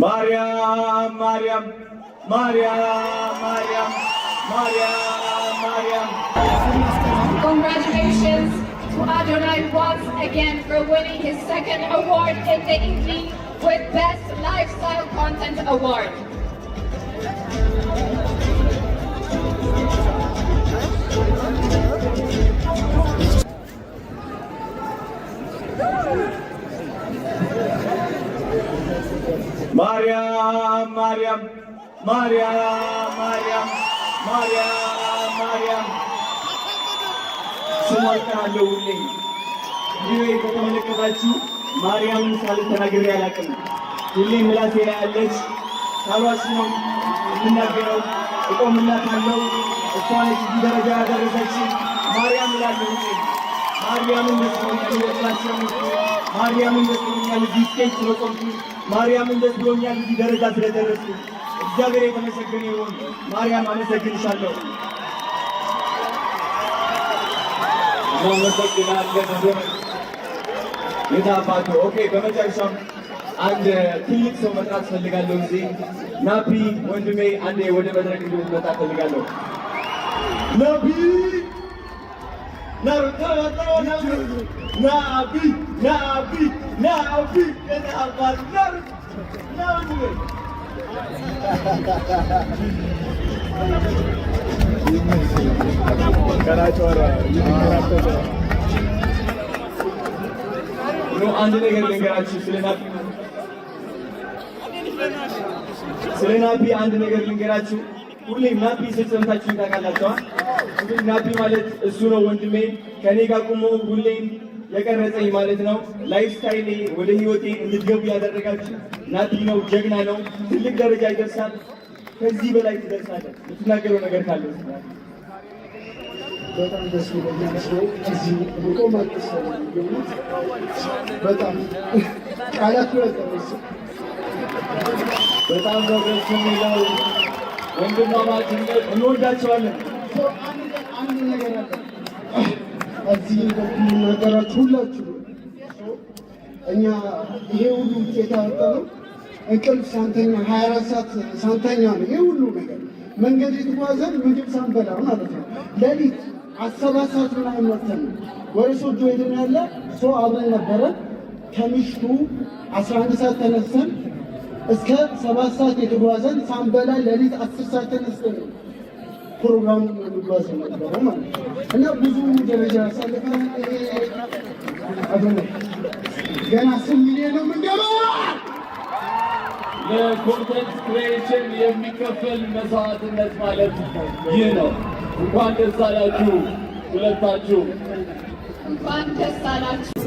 Mariam, Mariam, Mariam, Mariam, Mariam, Congratulations to Adonai once again for winning his second award in the evening with Best Lifestyle Content Award. Thank you. ማርያም ማርያም ማርያም ማርያም ማርያም ስሟ ይጠራለውልኝ። ይህ ከተመለከታችሁ ማርያምን ሳልል ተናግሬ አላውቅም። ሁሌ ምላሴ ላይ ያለች ታሏች ነው የምናገረው። እቆምላት አለው። እሷ ነች እዚህ ደረጃ ያደረሰችን ማርያም ላለ ማርያምን ደስ ብሎኛል ስላሸነፍኩ፣ ማርያምን ደስ ብሎኛል እዚህ ስቴጅ ስለቆምኩ፣ ማርያምን ደስ ብሎኛል እዚህ ደረጃ ስለደረስኩ። እግዚአብሔር የተመሰገነ ይሁን። ማርያም አመሰግንሻለሁ። እናመሰግናለን። ኦኬ። በመጨረሻም አንድ ትልቅ ሰው መጥራት እፈልጋለሁ። እዚህ ናቢ ወንድሜ አንዴ ወደ መድረክ እንዲመጣ እፈልጋለሁ ናቢ Nabi, Nabi, Nabi, beni almadılar. Nabi. నువ్వు ఆంజనేయ దగ్గర శ్రీనాథ్ శ్రీనాథ్ ఆంజనేయ దగ్గర ሁሌ ናፒ ስል ሰምታችሁ ታውቃላችኋል። እንግዲህ ናቢ ማለት እሱ ነው ወንድሜ፣ ከኔ ጋር ቁሞ ሁሌም የቀረጸኝ ማለት ነው። ላይፍ ስታይሌ ወደ ህይወቴ እንድትገቡ ያደረጋችሁ ናፒ ነው። ጀግና ነው። ትልቅ ደረጃ ይደርሳል። ከዚህ በላይ ትደርሳለህ። የምትናገረው ነገር ካለ በጣም ደስ ይለኛል። ሰው እዚህ ሩቆ መጥቶ በጣም ቃላት በጣም ነው ደስ የሚለው ወንድማማችነት እንወዳቸዋለን። አንድ ነገር አለ እዚህ የምናገራችሁ ሁላችሁ እኛ ይሄ ሁሉ ውጤት ያወጣ ነው። እንቅልፍ ሳንተኛ ሀያ አራት ሰዓት ሳንተኛ ነው ይሄ ሁሉ ነገር መንገድ የተጓዘን ምግብ ሳንበላ ማለት ነው። ሌሊት አሰባት ሰዓት ምናምን መተን ወደ ሶጆ ሄደን ያለ ሰው አብረን ነበረ ከምሽቱ አስራ አንድ ሰዓት ተነሰን እስከ ሰባት ሰዓት የተጓዘን ሳንበላ ለሊት አስር ሰዓት ተነስተን ፕሮግራም የሚጓዝ ነበረ ማለት እና ብዙ ደረጃ ያሳለፈ ገና አስር ሚሊዮን ነው የምንገባ። ለኮንተንት ክሬሽን የሚከፈል መስዋዕትነት ማለት ይህ ነው። እንኳን ደስ አላችሁ ሁለታችሁ፣ እንኳን ደስ አላችሁ።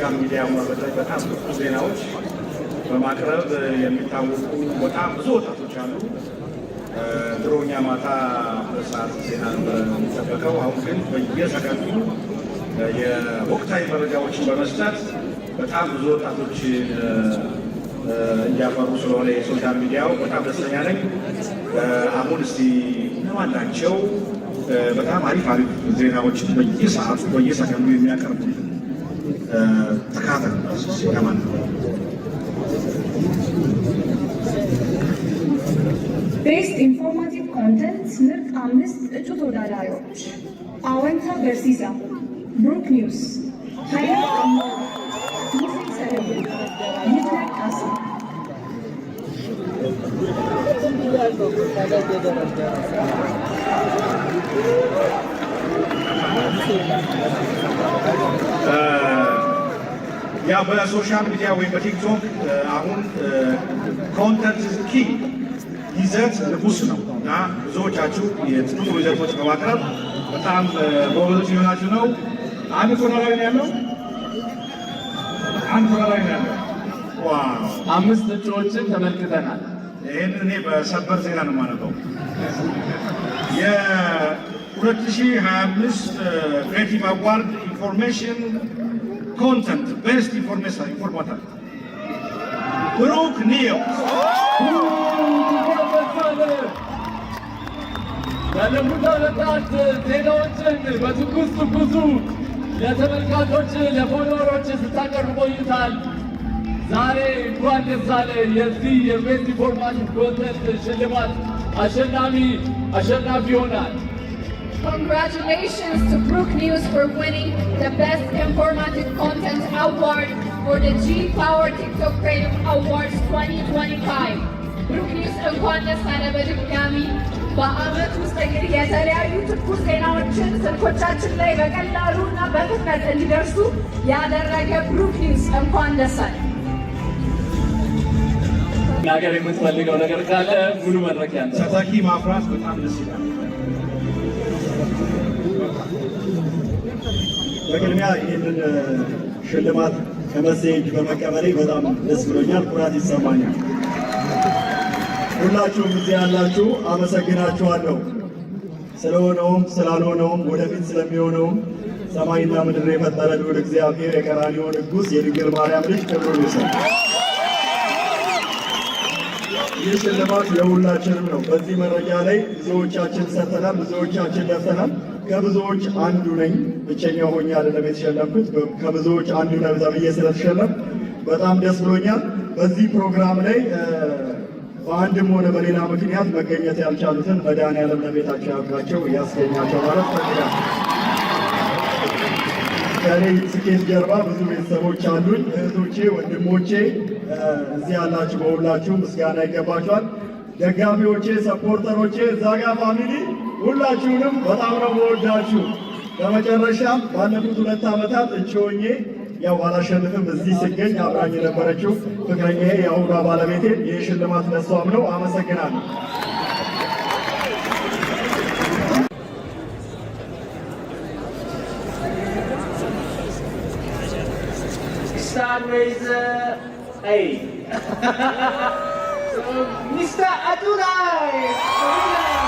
መልካም ሚዲያ ማበጠር በጣም ብዙ ዜናዎች በማቅረብ የሚታወቁ በጣም ብዙ ወጣቶች አሉ። ድሮ እኛ ማታ በሰዓት ዜና ነበር የሚጠበቀው። አሁን ግን በየሰከንዱ የወቅታዊ መረጃዎችን በመስጠት በጣም ብዙ ወጣቶች እያፈሩ ስለሆነ የሶሻል ሚዲያው በጣም ደስተኛ ነኝ። አሁን እስቲ እነማን ናቸው በጣም አሪፍ አሪፍ ዜናዎችን በየሰዓቱ በየሰከንዱ የሚያቀርቡ ተካፈል ለማለት ነው። ቤስት ኢንፎርማቲቭ ኮንተንት ምርጥ አምስት እጩ ተወዳዳሪዎች አወንታ በርሲሳ፣ ብሩክ ኒውስ፣ ሀይለ ያ በሶሻል ሚዲያ ወይም በቲክቶክ አሁን ኮንተንት ኪ ይዘት ንጉስ ነው እና ብዙዎቻችሁ የጥሩ ይዘቶች በማቅረብ በጣም በወበቶች ሊሆናችሁ ነው። አንድ ኮና ላይ ያለው። አንድ ኮና ላይ ያለው። አምስት እጩዎችን ተመልክተናል። ይህን እኔ በሰበር ዜና ነው የማነበው። የ2025 ክሬቲቭ አዋርድ ኢንፎርሜሽን content based ይፎርማታል። ብሩክ ኒዮ ያለፉት ዓመታት ዜናዎችን በትኩስ ትኩሱ ለተመልካቾች ለፎሎወሮች ስታቀርብ ቆይታል። ዛሬ እንኳን ደስ አለ የዚህ የቤስት ኢንፎርማቲቭ ኮንተንት ሽልማት አሸናፊ አሸናፊ ይሆናል። Congratulations to Brook News for winning the Best Informative Content Award for the G-Power TikTok Creative Awards 2025 ብሩክ ኒውስ እንኳን ደስ አለህ በድጋሚ በአመት ውስጥ እንግዲህ የተለያዩ ትኩስ ዜናዎችን ስልኮቻችን ላይ በቀላሉ እና በፍጥነት እንዲደርሱ ያደረገ ብሩክ ኒውስ እንኳን ደስ አለህ የምትፈልገው ነገር ካለ ሙሉ መድረክ ያለ ተተኪ ማፍራት በጣም ደስ ይላል በቅድሚያ ይህንን ሽልማት ከመሴ እጅ በመቀበሌ በጣም ደስ ብሎኛል፣ ኩራት ይሰማኛል። ሁላችሁም ጊዜ ያላችሁ አመሰግናችኋለሁ። ስለሆነውም ስላልሆነውም ወደፊት ስለሚሆነውም ሰማይና ምድር የፈጠረ ልዑል እግዚአብሔር የቀራንዮ ንጉሥ የድንግል ማርያም ልጅ ክብሩ ይውሰድ። ይህ ሽልማት የሁላችንም ነው። በዚህ መረጃ ላይ ብዙዎቻችን ሰጥተናል፣ ብዙዎቻችን ለፍተናል። ከብዙዎች አንዱ ነኝ። ብቸኛ ሆኜ አይደለም የተሸለምኩት፣ ከብዙዎች አንዱ ነኝ ተብዬ ስለተሸለም በጣም ደስ ብሎኛል። በዚህ ፕሮግራም ላይ በአንድም ሆነ በሌላ ምክንያት መገኘት ያልቻሉትን መድኃኔዓለም ለቤታቸው ያብቃቸው፣ እያስገኛቸው ማለት ፈልጋል። ከኔ ስኬት ጀርባ ብዙ ቤተሰቦች አሉኝ። እህቶቼ፣ ወንድሞቼ እዚህ ያላችሁ በሁላችሁ ምስጋና ይገባችኋል። ደጋፊዎቼ፣ ሰፖርተሮቼ፣ እዛ ፋሚሊ ሁላችሁንም በጣም ነው መወዳችሁ። በመጨረሻ ባለፉት ሁለት ዓመታት እች ያው ባላሸንፍም እዚህ ስገኝ አብራኝ የነበረችው ፍቅረኛ የአሁኗ ባለቤቴ ይህ ሽልማት ለሷም ነው። አመሰግናለሁ። Mr. Adunai!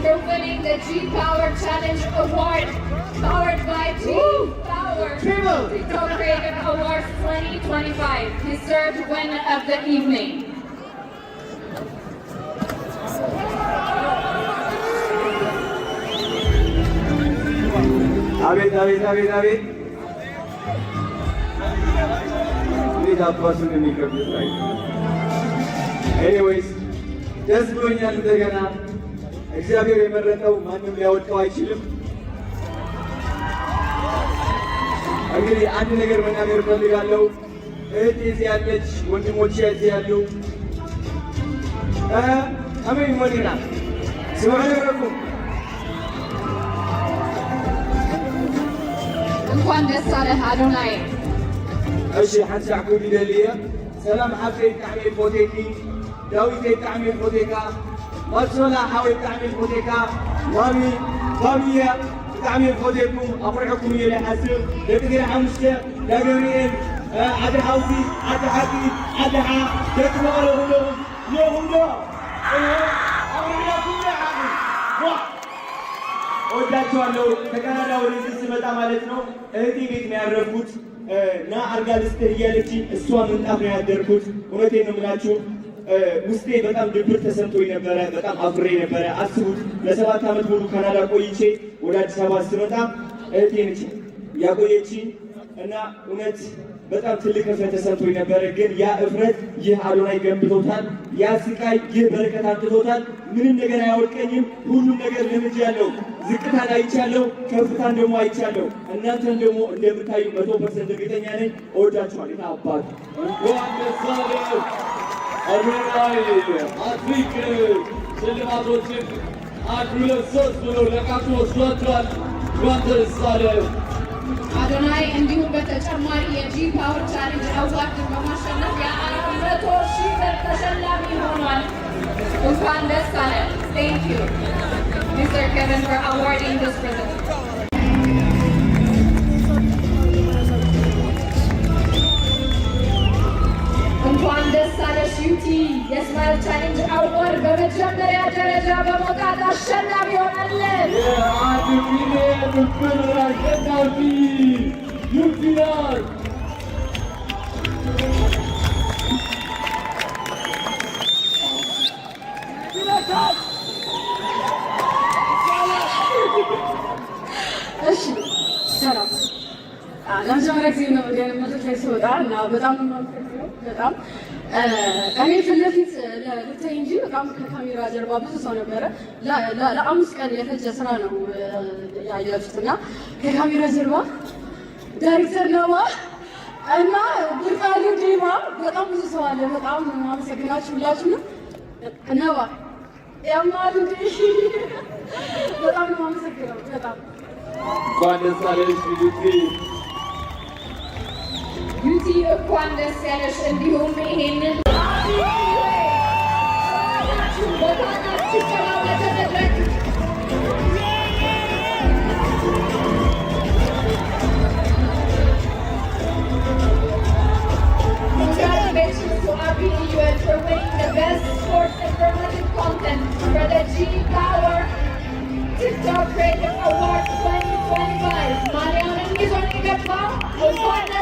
for winning the G Power Challenge Award, powered by G Woo! Power Triple Tito Creative Awards 2025, deserved winner of the evening. David, David, David, David. Please help us with the microphone. Anyways, just going on to the Ghana. እግዚአብሔር የመረጠው ማንም ሊያወጣው አይችልም። እንግዲህ አንድ ነገር መናገር እፈልጋለሁ። እህት እዚህ ያለች፣ ወንድሞች እዚህ ያሉ አሜን ወዲና ስብሐት ረቡኩም እንኳን ደስ አለህ አዶናይ። እሺ ሓንሳዕኩ ይደልየ ሰላም ዓብተይ ብጣዕሚ ፎቴኪ ዳዊተይ ብጣዕሚ ፎቴካ ኣሶላ ሓወይ ብጣዕሚ ዝፈቴካ ዋሚ ዋሚያ ብጣዕሚ ዝፈቴኩ ኣቑርሐኩም እየ ዝሓስብ ደቂ ገ ሓሙሽተ ዳገብርኤል ዓዲ ሓውሲ ዓዲ ሓቂ ዓዲ ሓ ደቂ መቐለ ሁሎም የሁሎ ወዳቸዋለሁ ተቀናዳ ወደዚ ስመጣ ማለት ነው እህቲ ቤት ነው ያረፍኩት ና አልጋ ልስጥህ እያለች እሷ ምንጣፍ ነው ያደርኩት እውነቴን ነው የምላችሁ ውስጤ በጣም ድብር ተሰምቶ ነበረ። በጣም አፍሬ ነበረ። አስቡት ለሰባት ዓመት ሙሉ ካናዳ ቆይቼ ወደ አዲስ አበባ ስመጣ እህቴ ነች ያቆየች እና እውነት በጣም ትልቅ እፍረት ተሰምቶ ነበረ። ግን ያ እፍረት ይህ አዶናይ ገንብቶታል። ያ ስቃይ ይህ በረከት አንጥቶታል። ምንም ነገር አያወድቀኝም። ሁሉም ነገር ያለው ዝቅታን አይቻለሁ፣ ከፍታን ደግሞ አይቻለሁ። እናንተን ደግሞ እንደምታዩ መቶ ፐርሰንት እርግጠኛ ነኝ። እወዳችኋል። አባት அருளாய் ஆத்மீக்கு செல்லுமா தோற்று ஆற்றுள்ள சோஸ்வரோ ለቃቶ ወስሏቸዋል ጓንተር ሳለ አዶናይ እንዲሁም በተጨማሪ የጂ ፓወር ቻሌንጅ አዋርድን በማሸነፍ የአራት መቶ ሺህ ብር ተሸላሚ ሆኗል። እንኳን ደስ አለ። Thank you, Mr. Kevin, for awarding this present. ደሳለ ሽዩቲ የስማይል ቻሌንጅ አወር በመጀመሪያ ደረጃ በመውጣት አሸናፊ ሆናለን። የአንድ ሚሊዮን ብር አሸናፊ ዩቲ ናት። ሰላም ለመጀመሪያ ጊዜ ነው ወደ መድረክ ላይ ስወጣ እና በጣም በጣም እኔ ፊት ለፊት ለብታይ እንጂ በጣም ከካሜራ ጀርባ ብዙ ሰው ነበረ። ለአምስት ቀን የፈጀ ስራ ነው ያየሁት እና ከካሜራ ጀርባ ዳይሬክተር ነዋ እና ብርቃሉ ዲማ በጣም ብዙ ሰው አለ። በጣም አመሰግናችሁ ሁላችሁንም ነዋ ያማሉ በጣም ነው አመሰግነው በጣም Beauty of Quanda Salish and Congratulations to for winning the best sports content for the G Power TikTok Creative Award 2025. Mariana Nizoni Gatma, Quanda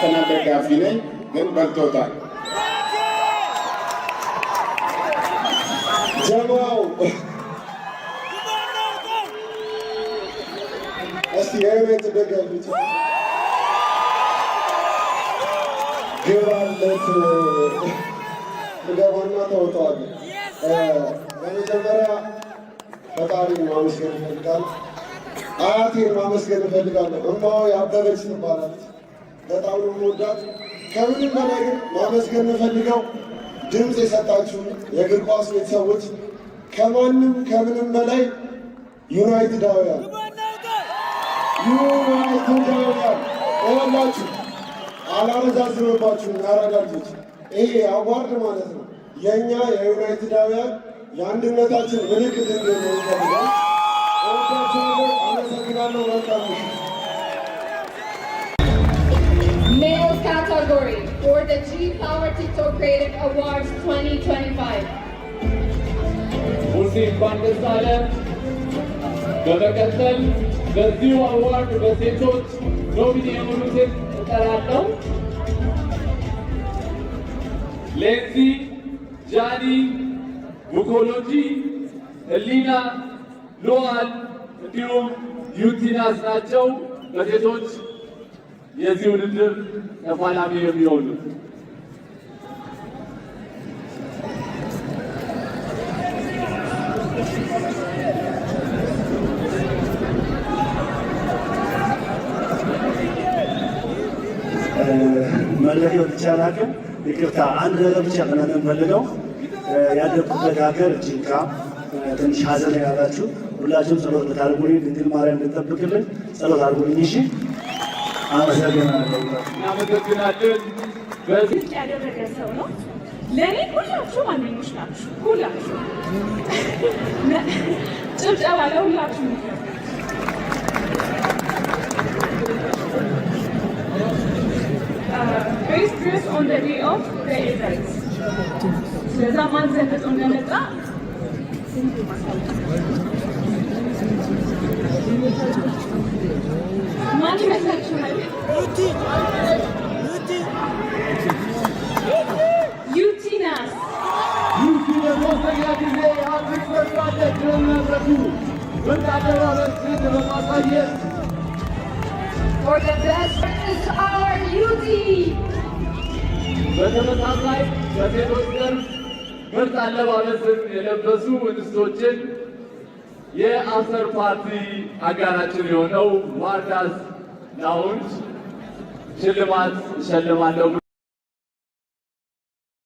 የአርሰናል ደጋፊ ነኝ፣ ግን በልቶታል። ጀማው እስቲ የዩናይትድ ደጋፊ ግባለት ገባና ተወጠዋል። በመጀመሪያ ፈጣሪ ማመስገን ይፈልጋል። አያቴን ማመስገን እፈልጋለሁ። እማው ያበበች ትባላለች በጣም ነው መወዳት። ከምንም በላይ ግን ማመስገን የምፈልገው ድምፅ የሰጣችሁ የእግር ኳስ ቤተሰቦች ከማንም ከምንም በላይ ዩናይትዳውያን ዩናይትዳውያን እላችሁ አላረዛዝንባችሁም። ያረጋችሁት ይሄ አዋርድ ማለት ነው የእኛ የዩናይትዳውያን የአንድነታችን ምልክት እንደሆነ ይፈልጋል። እወዳችኋለሁ። አመሰግናለሁ። መልካም Male category for the G Power TikTok Creative Awards 2025. Musim Bandesalan, በመቀጠል በዚሁ አዋርድ በሴቶች ኖሚኒ የሆኑትን እጠራለሁ። ሌንዚ ጃኒ፣ ቡኮሎጂ፣ ህሊና፣ ሉዋል እንዲሁም ዩቲናስ ናቸው በሴቶች የዚህ ውድድር ተፋላሚ የሚሆኑ መለየው ብቻ ይቅርታ፣ አንድ ነገር ብቻ ምናምን እንፈልገው ያደኩበት ሀገር ጅንካ ትንሽ ሀዘን ያላችሁ ሁላችሁም ጸሎት ብታደርጉልኝ ድንግል ማርያም እንድጠብቅልን ጸሎት አድርጉልኝ። እሺ አመሰግናለን። በዚህ ያደረገ ሰው ነው። ለእኔ ሁላችሁ ማንኞች ናችሁ። ሁላችሁ ጭብጨባ ለሁላችሁ። ቤስት ድሬስ ኦን ዘ ዴይ ኦፍ ዘ ኢቨንት ለዛ ማን ዘንጥ እንደመጣ Yutinas. Yutinas geldiğinde artık sözlerde kırılmaya bırakıyor. Önlerde varın sırrı ve masayı. For the best is our duty. በተመሳሳይ ከሴቶች ዘንድ ምርጥ አለባበስን የለበሱ እንስቶችን የአንሰር ፓርቲ አጋራችን የሆነው ዋርዳስ ላውንጅ ሽልማት እሸልማለሁ።